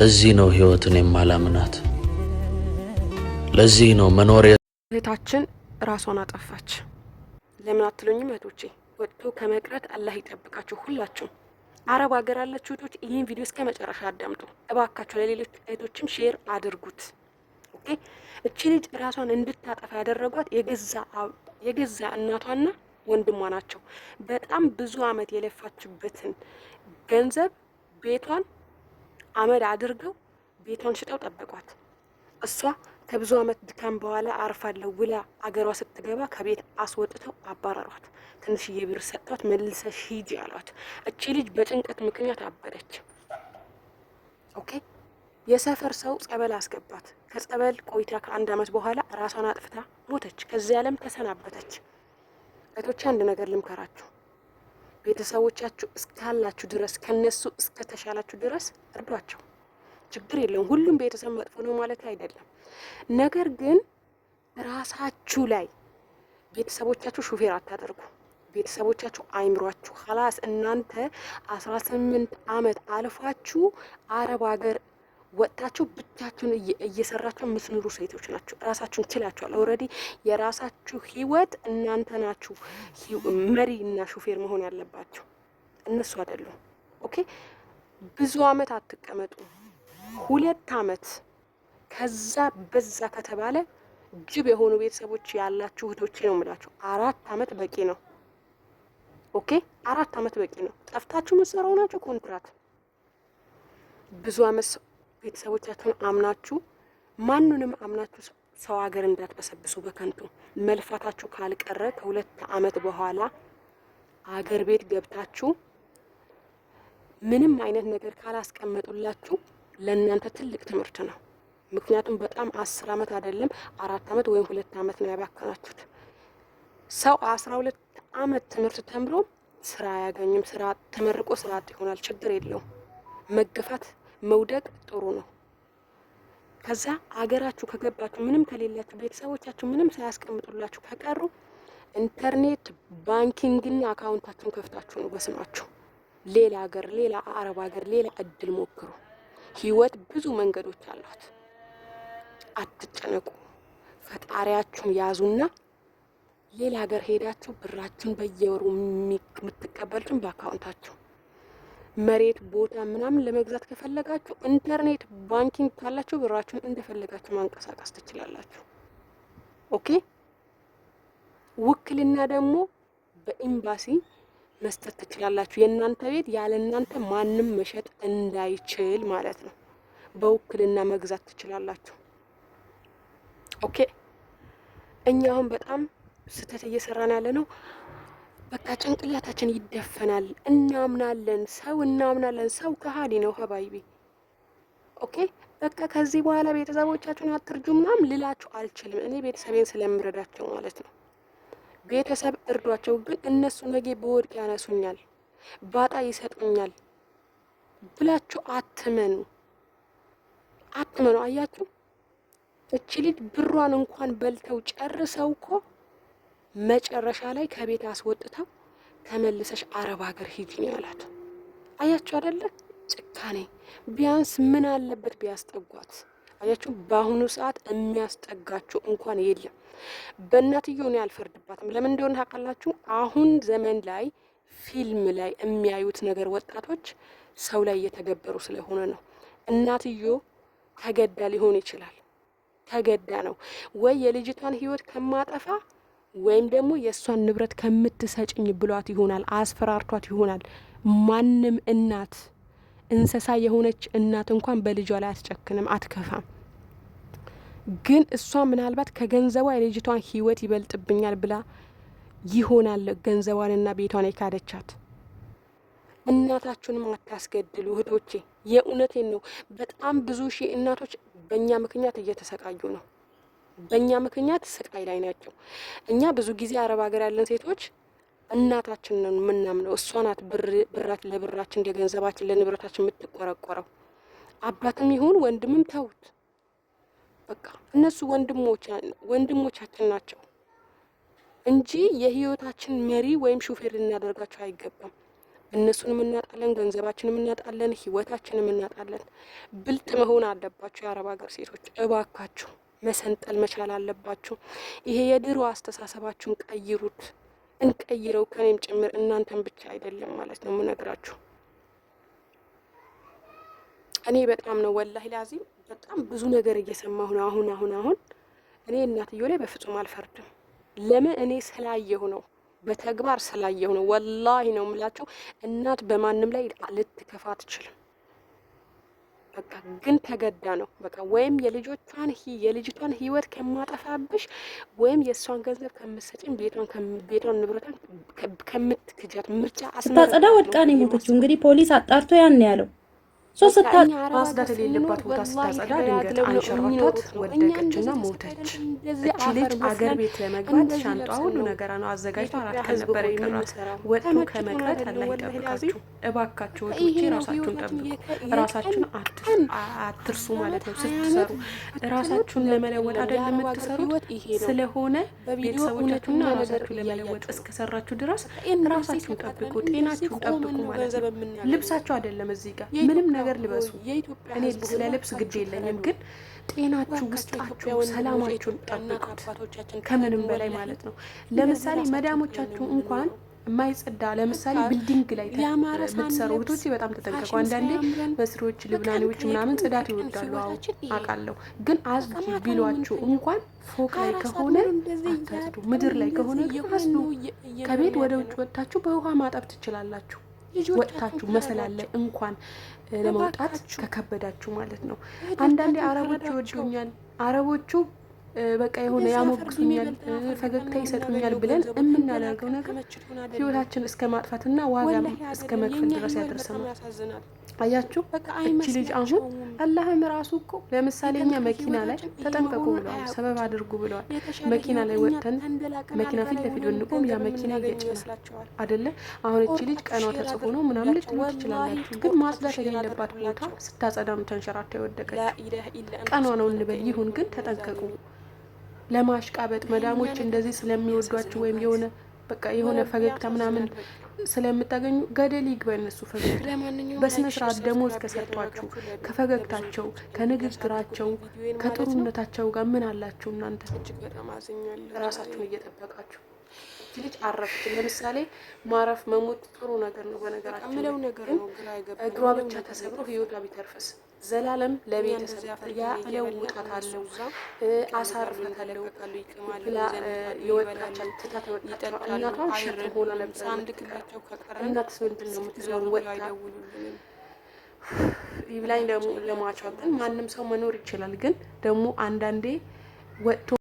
ለዚህ ነው ህይወትን የማላምናት። ለዚህ ነው መኖር። እህታችን ራሷን አጠፋች። ለምን አትሉኝም እህቶቼ? ወጥቶ ከመቅረት አላህ ይጠብቃችሁ ሁላችሁ። አረብ ሀገር ያላችሁ እህቶች ይህን ቪዲዮ እስከ መጨረሻ አዳምጡ እባካችሁ። ለሌሎች እህቶችም ሼር አድርጉት። ኦኬ። እቺ ልጅ ራሷን እንድታጠፋ ያደረጓት የገዛ እናቷና ወንድሟ ናቸው። በጣም ብዙ አመት የለፋችበትን ገንዘብ ቤቷን አመድ አድርገው ቤቷን ሽጠው ጠብቋት እሷ ከብዙ አመት ድካም በኋላ አርፋለሁ ውላ አገሯ ስትገባ ከቤት አስወጥተው አባረሯት። ትንሽዬ ብር ሰጥቷት መልሰሽ ሂጂ አሏት። እቺ ልጅ በጭንቀት ምክንያት አበደች። ኦኬ የሰፈር ሰው ጸበል አስገባት። ከጸበል ቆይታ ከአንድ አመት በኋላ ራሷን አጥፍታ ሞተች። ከዚህ ዓለም ተሰናበተች። እህቶቼ አንድ ነገር ልምከራችሁ። ቤተሰቦቻችሁ እስካላችሁ ድረስ ከነሱ እስከተሻላችሁ ድረስ እርዷቸው። ችግር የለውም። ሁሉም ቤተሰብ መጥፎ ነው ማለት አይደለም። ነገር ግን ራሳችሁ ላይ ቤተሰቦቻችሁ ሹፌር አታደርጉ። ቤተሰቦቻችሁ አይምሯችሁ። ሀላስ እናንተ አስራ ስምንት አመት አልፋችሁ አረብ ሀገር ወጥታችሁ ብቻችሁን እየሰራችሁ የምትኖሩ ሴቶች ናችሁ። ራሳችሁን ችላችኋል። ኦልሬዲ የራሳችሁ ህይወት እናንተ ናችሁ መሪ እና ሹፌር መሆን ያለባችሁ እነሱ አይደሉም። ኦኬ ብዙ አመት አትቀመጡ። ሁለት አመት ከዛ በዛ ከተባለ ጅብ የሆኑ ቤተሰቦች ያላችሁ እህቶቼ ነው የምላችሁ። አራት አመት በቂ ነው። ኦኬ አራት አመት በቂ ነው። ጠፍታችሁ የምትሰሩ ናችሁ ኮንትራት ብዙ አመት ቤተሰቦቻችሁን አምናችሁ ማንንም አምናችሁ ሰው ሀገር እንዳትበሰብሱ በከንቱ መልፋታችሁ ካልቀረ ከሁለት አመት በኋላ አገር ቤት ገብታችሁ ምንም አይነት ነገር ካላስቀመጡላችሁ ለእናንተ ትልቅ ትምህርት ነው። ምክንያቱም በጣም አስር ዓመት አይደለም አራት ዓመት ወይም ሁለት ዓመት ነው ያባከናችሁት። ሰው አስራ ሁለት አመት ትምህርት ተምሮ ስራ አያገኝም። ስራ ተመርቆ ስራ አጥ ይሆናል። ችግር የለውም መገፋት መውደቅ ጥሩ ነው። ከዛ አገራችሁ ከገባችሁ ምንም ከሌላችሁ ቤተሰቦቻችሁ ምንም ሳያስቀምጡላችሁ ከቀሩ ኢንተርኔት ባንኪንግና አካውንታችሁን ከፍታችሁ ነው በስማችሁ። ሌላ ሀገር፣ ሌላ አረብ ሀገር፣ ሌላ እድል ሞክሩ። ህይወት ብዙ መንገዶች አሏት። አትጨነቁ። ፈጣሪያችሁን ያዙና ሌላ ሀገር ሄዳችሁ ብራችሁን በየወሩ የምትቀበሉትን በአካውንታችሁ መሬት ቦታ ምናምን ለመግዛት ከፈለጋችሁ ኢንተርኔት ባንኪንግ ካላችሁ ብራችሁን እንደፈለጋችሁ ማንቀሳቀስ ትችላላችሁ። ኦኬ። ውክልና ደግሞ በኤምባሲ መስጠት ትችላላችሁ። የእናንተ ቤት ያለ እናንተ ማንም መሸጥ እንዳይችል ማለት ነው። በውክልና መግዛት ትችላላችሁ። ኦኬ። እኛ አሁን በጣም ስህተት እየሰራን ያለ ነው። በቃ ጭንቅላታችን ይደፈናል። እናምናለን፣ ሰው እናምናለን። ሰው ከሀዲ ነው ሀባይቢ። ኦኬ በቃ ከዚህ በኋላ ቤተሰቦቻችሁን አትርጁ ምናምን ልላችሁ አልችልም። እኔ ቤተሰቤን ስለምረዳቸው ማለት ነው። ቤተሰብ እርዷቸው፣ ግን እነሱ ነገ በወድቅ ያነሱኛል፣ ባጣ ይሰጡኛል ብላችሁ አትመኑ፣ አትመኑ። አያችሁ እቺ ልጅ ብሯን እንኳን በልተው ጨርሰው እኮ መጨረሻ ላይ ከቤት አስወጥተው ተመልሰሽ አረብ ሀገር ሂጂ ነው ያላት። አያችሁ አይደለ ጭካኔ። ቢያንስ ምን አለበት ቢያስጠጓት? አያችሁ በአሁኑ ሰዓት የሚያስጠጋችሁ እንኳን የለም። በእናትየው እኔ አልፈርድባትም። ለምን እንደሆነ ታውቃላችሁ? አሁን ዘመን ላይ ፊልም ላይ የሚያዩት ነገር ወጣቶች ሰው ላይ እየተገበሩ ስለሆነ ነው። እናትዮ ተገዳ ሊሆን ይችላል። ተገዳ ነው ወይ የልጅቷን ህይወት ከማጠፋ ወይም ደግሞ የእሷን ንብረት ከምትሰጭኝ ብሏት ይሆናል፣ አስፈራርቷት ይሆናል። ማንም እናት እንስሳ የሆነች እናት እንኳን በልጇ ላይ አትጨክንም፣ አትከፋም። ግን እሷ ምናልባት ከገንዘቧ የልጅቷን ህይወት ይበልጥብኛል ብላ ይሆናል ገንዘቧንና ቤቷን የካደቻት። እናታችሁንም አታስገድሉ እህቶቼ፣ የእውነቴን ነው። በጣም ብዙ ሺህ እናቶች በእኛ ምክንያት እየተሰቃዩ ነው። በእኛ ምክንያት ስቃይ ላይ ናቸው። እኛ ብዙ ጊዜ አረብ ሀገር ያለን ሴቶች እናታችን ነው የምናምነው። እሷ ናት ብራት ለብራችን ለገንዘባችን ለንብረታችን የምትቆረቆረው። አባትም ይሁን ወንድምም ተውት፣ በቃ እነሱ ወንድሞቻችን ናቸው እንጂ የህይወታችን መሪ ወይም ሹፌር ልናደርጋቸው አይገባም። እነሱንም እናጣለን፣ ገንዘባችንም እናጣለን፣ ህይወታችንም እናጣለን። ብልጥ መሆን አለባቸው የአረብ ሀገር ሴቶች እባካችሁ። መሰንጠል መቻል አለባችሁ። ይሄ የድሮ አስተሳሰባችሁን ቀይሩት፣ እንቀይረው ከኔም ጭምር እናንተን ብቻ አይደለም ማለት ነው የምነግራችሁ። እኔ በጣም ነው ወላሂ ላዚም በጣም ብዙ ነገር እየሰማሁ ነው አሁን አሁን አሁን። እኔ እናትዮ ላይ በፍጹም አልፈርድም። ለምን እኔ ስላየሁ ነው በተግባር ስላየሁ ነው። ወላሂ ነው የምላቸው። እናት በማንም ላይ ልትከፋ አትችልም። በቃ ግን ተገዳ ነው። በቃ ወይም የልጆቿን የልጅቷን ህይወት ከማጠፋብሽ ወይም የእሷን ገንዘብ ከምሰጭን ቤቷን ንብረቷን ከምትክጃት ምርጫ አስታጸዳ ወድቃ ነው የሞተችው። እንግዲህ ፖሊስ አጣርቶ ያን ያለው ማጽዳት የሌለባት ቦታ ስታጸዳ ድንገት ወደቀችና ሞተች። እቺ ልጅ አገር ቤት ለመግባት ሻንጧ ሁሉ ነው አራት ቀን ነበር የቀራት። ወጥቶ ከመቅረት አላህ ይጠብቃችሁ። እባካችሁ ራሳችሁን ጠብቁ። ራሳችሁን አትርሱ ማለት ነው ስትሰሩ። ራሳችሁን ለመለወጥ አይደለም የምትሰሩት ስለሆነ ቤተሰቦቻችሁና ራሳችሁ ለመለወጥ እስከሰራችሁ ድረስ ራሳችሁን ጠብቁ፣ ጤናችሁን ጠብቁ ማለት ነው። ልብሳችሁ አይደለም እዚህ ጋር ምንም ነገር ነገር ልበሱ። እኔ ስለ ልብስ ግድ የለኝም፣ ግን ጤናችሁ፣ ውስጣችሁ፣ ሰላማችሁን ጠብቁት። ከምንም በላይ ማለት ነው። ለምሳሌ መዳሞቻችሁ እንኳን የማይጸዳ ለምሳሌ ቢልዲንግ ላይ ብትሰሩ እህቶቼ በጣም ተጠንቀቁ። አንዳንዴ መስሪዎች፣ ልብናኔዎች ምናምን ጽዳት ይወዳሉ አውቃለሁ። ግን አዝ ቢሏችሁ እንኳን ፎቅ ላይ ከሆነ አታጽዱ፣ ምድር ላይ ከሆነ አጽዱ። ከቤት ወደ ውጭ ወጥታችሁ በውሃ ማጠብ ትችላላችሁ። ወጥታችሁ መሰላለ እንኳን ለመውጣት ከከበዳችሁ ማለት ነው። አንዳንዴ አረቦች ይወዱኛል አረቦቹ በቃ የሆነ ያሞግሱኛል፣ ፈገግታ ይሰጡኛል ብለን የምናደርገው ነገር ህይወታችን እስከ ማጥፋትና ዋጋ እስከ መክፈል ድረስ ያደርሰናል። አያችሁ እቺ ልጅ አሁን አላህም ራሱ እኮ ለምሳሌ እኛ መኪና ላይ ተጠንቀቁ ብለዋል፣ ሰበብ አድርጉ ብለዋል። መኪና ላይ ወጥተን መኪና ፊት ለፊት ብንቆም ያ መኪና ይገጨናል አደለ? አሁን እቺ ልጅ ቀኗ ተጽፎ ነው ምናምን ትሞት ትችላላችሁ፣ ግን ማጽዳት የሌለባት ቦታ ስታጸዳም ተንሸራታ የወደቀች ቀኗ ነው እንበል። ይሁን ግን ተጠንቀቁ። ለማሽቃበጥ መዳሞች እንደዚህ ስለሚወዷቸው ወይም የሆነ በቃ የሆነ ፈገግታ ምናምን ስለምታገኙ ገደል ይግባ እነሱ ፈገግታ። በስነ ስርዓት ደሞዝ ከሰጧችሁ ከፈገግታቸው፣ ከንግግራቸው፣ ከጥሩነታቸው ጋር ምን አላችሁ እናንተ? ራሳችሁን እየጠበቃችሁ ልጅ አረፍች። ለምሳሌ ማረፍ መሞት ጥሩ ነገር ነው። በነገራችን እግሯ ብቻ ተሰብሮ ህይወቷ ቢተርፈስ ዘላለም ለቤተሰብ ያ እለውጣታለሁ አሳርፋታለሁ ብላ የወጣቻት ትታት የወጣቸው እናቷ ሽር ሆና ነበር የምትቀረው። እናትስ ምንድን ነው የምትለውን ወጥታ ይብላኝ ለሟቿ። ግን ማንም ሰው መኖር ይችላል። ግን ደግሞ አንዳንዴ ወጥቶ